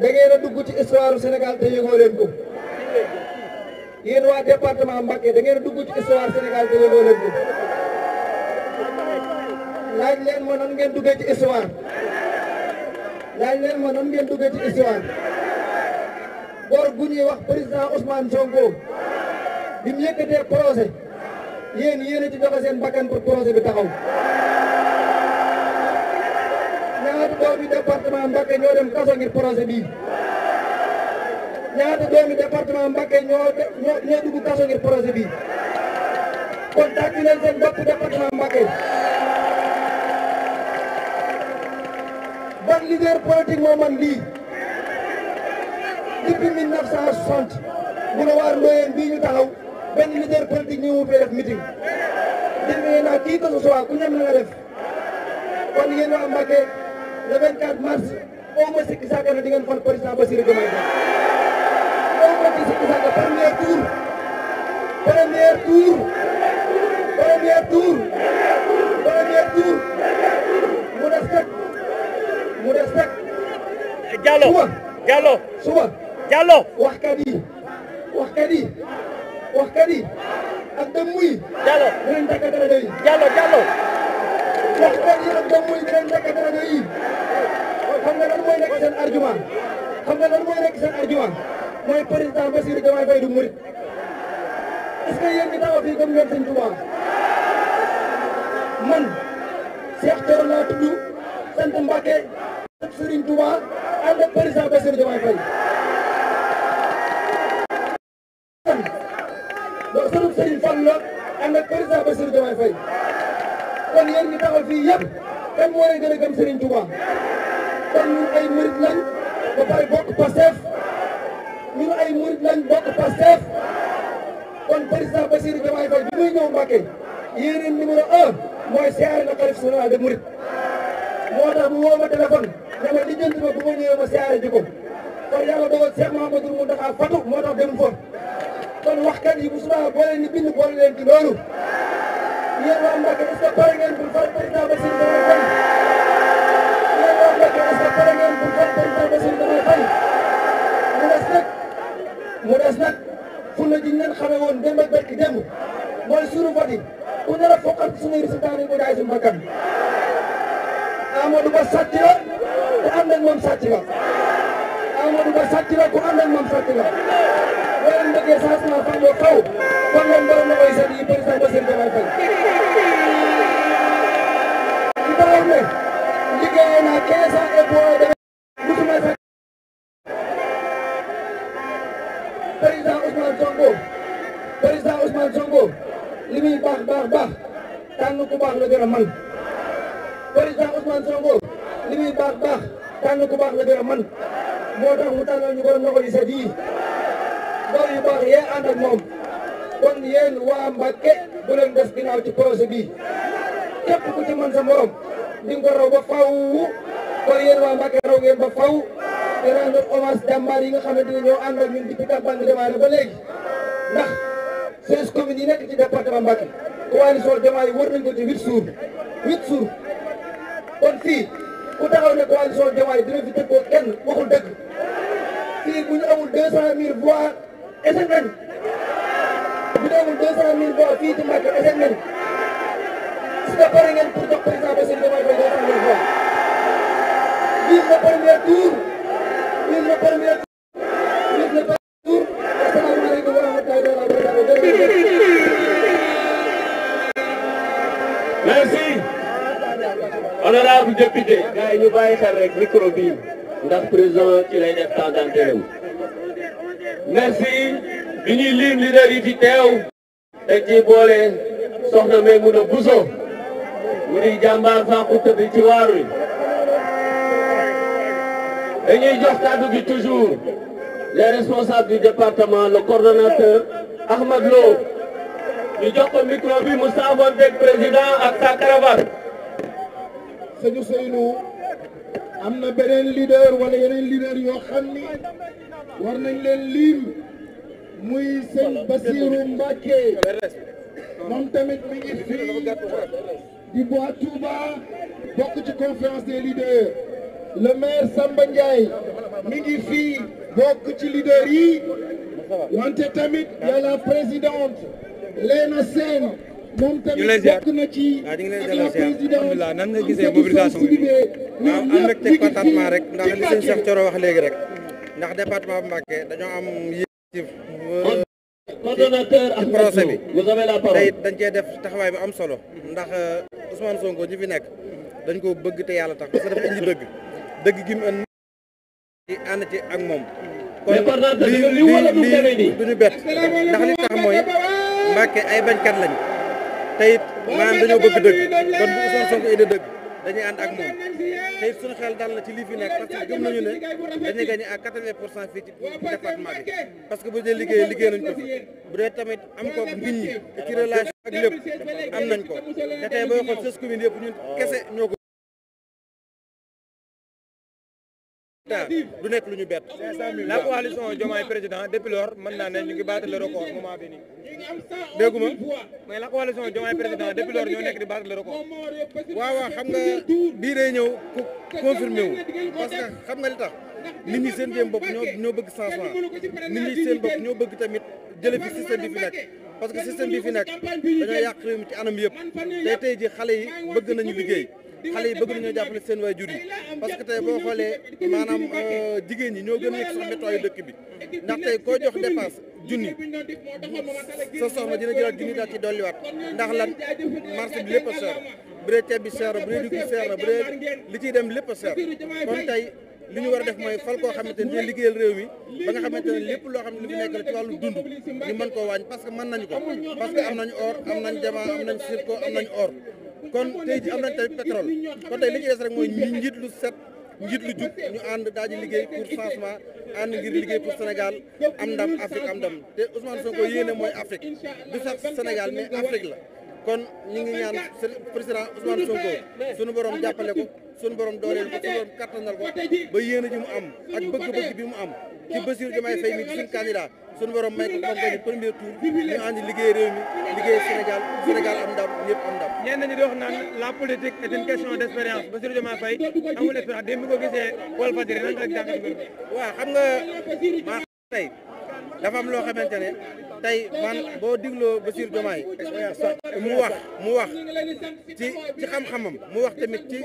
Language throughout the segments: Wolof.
da ngeen dugg ci histoire du Sénégal te yëgoo leen ko yéen waa département Mbacké da ngeen dugg ci histoire Sénégal te yëgoo ko laaj leen ma nan ngeen duggee ci histoire laaj leen ma nan ngeen duggee ci histoire góor gu ñuy wax président Ousmane Sonko bi mu yëkkatee projet yéen yéen ci joxe seen bakkan pour projet bi taxaw. ñaata doomi département Mbacké ñoo dem kaso ngir projet bii ñaata doomi département Mbacké ñoo ñoo dugg ngir lii depuis 1960 bu la waar Ndoyeen bii ñu taxaw benn leader politique ñu ngi def meeting dégg naa kii que ce ku ñam la def kon yéen waa le 24 mars au moins sikki sàkka na di ngeen fal président Bassirou Diomaye Faye au moins sikki sàkka premier tour premier tour premier tour premier tour mu des teg mu des teg Diallo suba suba Diallo waxkat yi waxkat yi waxkat yi ak dëmm yi Diallo dinañ day wax dëgg yàlla doom mooy nekk rajo yi xam nga lan mooy nekk seen argument mooy nekk seen argument mooy président Bassirou du murit est-ce que yéen ñi taxaw fii gëm ngeen sëñ Tuubaa man Cheikh ak président Bassirou Diomaye Faye. kon loolu sëñ Fall kon yéen ñi taxaw fii yëpp kan moo leen gën a gëm Serigne Touba ay murit lañ ba bokk Pastef ñun ay murit lañ bokk Pastef kon président Bassirou Diomaye Faye bi muy ñëw Mbacké yéeneen numéro un mooy siyaare na xalif général de murit moo tax mu woo ma téléphone lijjanti ma bu ma ñëwee ma siyaare ji ko kon yàlla dogal Cheikh Mahamadou Mountakha Fatou moo tax dem fa kon yi bu subaa boole ni bind boole leen ci yéen waa Mbacke est-ce que pare ngeen pour fal président Bassirou Diomaye Faye yéen waa Mbacke est-ce que pare ngeen pour fal président Bassirou Diomaye Faye mu des nag mu des nag fulla ji ngeen xamee woon démb ak barki démb mooy suuru vote yi ku nar a foqal suñuy résultat dañ ko jaay suñu bakkan Amadou Ba sàcc la ku ànd ak moom sàcc la Amadou Ba sàcc la ku ànd ak moom sàcc la wala mbëggee changement fànn kaw kon lan borom na di ko wax ne liggéey naa 15 ans et boo demee musuma fekk président Ousmane Sonko président Ousmane li muy baax baax baax tànn ku baax la man président Ousmane Sonko li muy baax baax tànn ku baax la man moo tax mu tànnal ñu borom na koy seet góor yu baax yee ànd ak moom kon yéen waa Mbacke bu leen des ginnaaw ci projet bi képp ku ci mën sa morom di nga ko raw ba faw kon yéen waa Mbacke raw ngeen ba faw te rendre hommage jàmbaar yi nga xamante ne ñoo ànd ak ñun depuis campagne bi démarré ba léegi ndax seize communes yi nekk ci département Mbacke coalition Diomaye wër nañ ko ci huit jours huit jours kon fii ku taxaw ne coalition Diomaye dina fi tëkkoo kenn waxul dëgg fii bu ñu amul deux cent mille voix échec nañu. bu doonul deux cent mille voix fii ci Mbacké échec nañu. si nga pare ngeen pour jox président Bassirou Diomaye Faye deux cent mille voix. vive le premier tour. vive le premier tour. vive le premier tour. asalaamaaleykum wa rahmatullahi wa barakatuh. merci. honorable député. gars yi ñu bàyyi xel rek micro bi. ndax président ci lay def temps d'antenne merci bi ñuy lim leader yi fi teew teg ci boole soxna Maimouna Bousso mu di jàmbaar fàqu tëdd ci waar wi dañuy jox kàddu gi toujours les responsables du département le coordonnateur Ahmad Lo ñu jox ko micro bi mu saafoonteeg président ak sa caravane sëñu Seynou am na beneen leader wala yeneen leader yoo xam ni war nañ leen lim muy sëñ Basiiru Mbàkke moom tamit mi ngi fii di bois Touba bokk ci conférence des leaders le maire Samba Ndiaye mi ngi fii bokk ci leaders yi wante tamit ya la présidente Léna Sène moom tamit bokk na ci ah, ak la présidente nan nga gisee mobilisation bi am rek ah, teg contentement rek ndax li seen Cheikh wax léegi rek ndax département bu Mbacké dañoo am yéen ci procès bi tey dañ cee def taxawaay bu am solo ndax euh, Ousmane Sonko ñi fi nekk dañ ko bëgg te yàlla tax parce que dafa indi dëgg dëgg gi mu indi ci ànd ci ak moom kon lii lii duñu bett ndax li tax mooy Mbacké ay bañkat lañ tey maanaam dañoo bëgg dëgg kon bu Ousmane Sonko indi dëgg dañuy ànd ak moom te it xel dal na ci lii fi nekk nañu ne dañuy gagné à quatre pour cent fii ci département bi parce bu dee liggéey liggéey nañ ko bu dee tamit am ko nit ñi ci relation ak am nañ ko te tey booy xool seize communes yëpp ñun kese ñoo ko du nekk lu ñu bett la coalition Diomaye président depuis lors mën naa ne ñu ngi battre le record moment bi nii dégguma mais la coalition Diomaye président depuis lors ñoo nekk di battre le record waaw xam nga bii day ñëw confirmé wu parce que xam nga li tax nit ñi seen jéem ñoo ñoo bëgg changement nit ñi seen bopp ñoo bëgg tamit jële fi système bi fi nekk parce que système bi fi nekk dañoo yàq réew mi ci anam yëpp tey tey ji xale yi bëgg nañu liggéey xale yi bëgg nañoo jàppale seen waajur yi parce que tey boo xoolee maanaam euh, jigéen ñi ñoo gën a nekk sax métuwaayu dëkk bi ndax tey koo jox dépense junni sa soxna dina jëlaat junni daal ci dolliwaat ndax lan marché bi lépp a seer bu dee ceeb bi seer na bu dee li ciy dem lépp a seer kon tey li ñu war a def mooy fal koo ne dina liggéeyal réew mi ba nga xamante ne lépp loo xam ne li mu nekk ci wàllu dund ñu mën koo wàññi parce que mën nañu ko am nañ or am nañ jamaa am nañ circo am kon tey ji am nañ tamit pétrole kon tey li ñu des rek mooy njiit lu set njiit lu jub ñu ànd daaji liggéey pour changement ànd ngir liggéey pour Sénégal am ndam Afrique am ndam te Ousmane Sonko yéene mooy Afrique du sax Sénégal mais Afrique la kon ñu ngi ñaan président Ousmane Sonko sunu borom jàppale ko. son borom dooleel ko suñu borom kattanal ko ba a ji mu am ak bëgg-bëgg bi mu am ci Bassirou Diomaye Faye mi di suñu candidat suñu may premier tour ñu ànd liggéey réew liggéey Sénégal Sénégal am ndam ñëpp am ndam. ñenn ñi di wax la politique est une question d' expérience Bassirou Diomaye Faye amul expérience démb ko gisee Walfadjri nan la jàngat bi. waaw xam nga maa tey dafa am loo xamante ne. tey man boo digloo Bassirou Diomaye mu wax mu wax ci xam-xamam mu wax tamit ci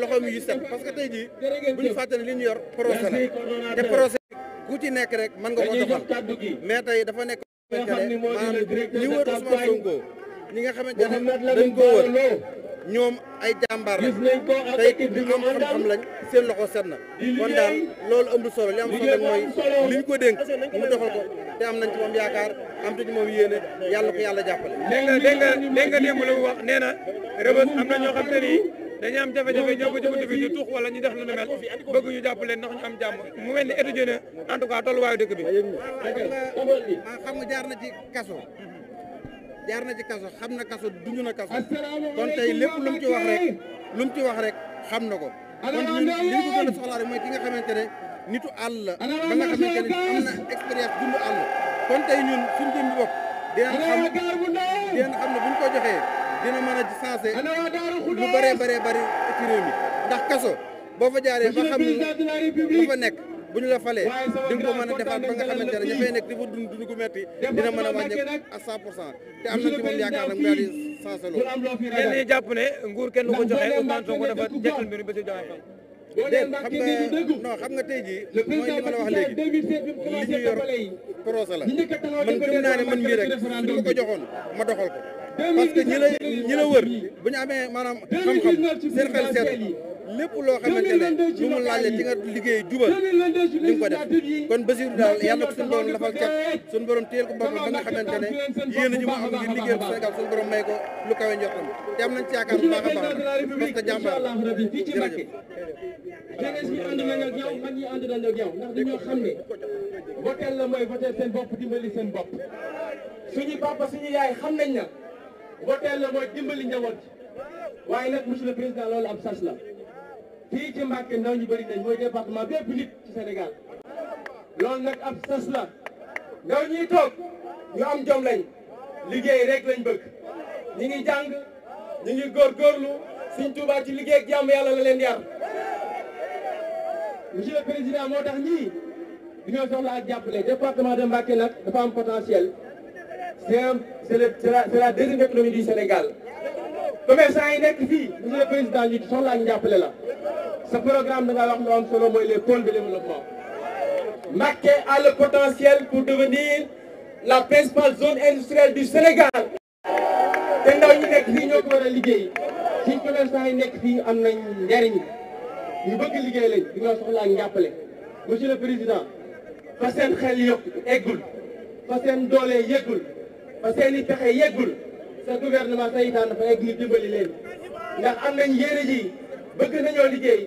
loxoom yu set parce que tey jii bu ñu fàttali li ñu yor procès la te procès ku ci nekk rek mën nga ko doxal mais tey dafa nekk maanaam li wër Ousmane Sonko ñi nga xamante ne dañ ko wër ñoom ay jàmbaar lañ tey ñu am xam-xam lañ seen loxo set na kon daal loolu amul solo li am solo rek mooy li ñu ko dénk mu doxal ko te am nañ ci moom yaakaar am nañ ci moom yéene yàlla ko yàlla jàppale. dégg nga dégg nga dégg nee na Rebeuss am na ñoo xam te ni jafe-jafe ñoo ko jëfandikoo fi di tuux wala ñu def lu mel bëgg ñu jàpp leen ndax ñu am jàmm mu mel ni étudiant en tout dëkk bi. xam nga jaar na ci kaso. jaar na ci kaso xam na kaso duñu na kaso kon tey lépp lu mu wax rek lu mu rek xam na ko kon ñun li ñu ko gën a mooy ki nga xamante ne nitu àll la ba nga xamante ne am na expérience dundu àll kon tey ñun suñu jëm bopp dinañ xam dinañ xam ne buñ ko joxee dina mën a sensé lu bëree bëree bëri ci réew mi ndax kaso boo fa jaaree ba xam ne ko fa nekk bu ñu la falee di nga ko mën a defaat ba nga xamante a wàññeeku à cent te am na ci moom yaakaar nag mu di kenn ñi jàpp ne nguur kenn lu joxe Ousmane Sonko dafa jekkal mbiru Bassirou Diomaye Faye. déet xam nga xam nga tey jii mooy li ma la wax léegi li ñu man gëm naa man mii rek su ma ma doxal parce que ñi wër bu ñu amee maanaam xel seet lépp loo xamante ne lu mu laajee ci nga liggéey jubal di ko def kon Bassirou daal yàlla suñu borom lafal cat suñu ne yéen a ji mu am ngir liggéeyal ko Sénégal suñu borom may ko lu kawe njortam te am nañ ci yaakaar bu baax a baax parce que jàmbaar la mooy votel seen bopp dimbali seen bopp suñu papa suñu na votel la mooy dimbali président loolu am sas la fii ci Mbàkke ndaw ñu bëri nañ mooy département bépp nit ci Sénégal loolu nag ab sas la ndaw ñuy toog ñu am jom lañ liggéey rek lañ bëgg ñu ngi jàng góor góor góorgóorlu suñ Tuubaa ci liggéey ak jàmm yàlla la leen yar monsieur le président moo tax ñii dañoo soxla ak jàppale département de Mbacké nag dafa am potentiel c'est c'est la deuxième économie du Sénégal commerçant yi nekk fii monsieur le président ñu soxla ak jàppale la ce programme da wax lu solo mooy les pôles de développement Mbacké a le potentiel pour devenir la principale zone industrielle du Sénégal te ndaw ñi nekk fii ñoo ko war a liggéey suñ commerçant yi nekk fii am nañ njariñ ñu bëgg liggéey lañ di ñoo soxlaa njàppale monsieur le président fa seen xel yëpp eggul fa seen doole yeggul fa seen i pexe yeggul sa gouvernement saytaan dafa egg ñu dimbali leen ndax am nañ yéene ji bëgg nañoo liggéey.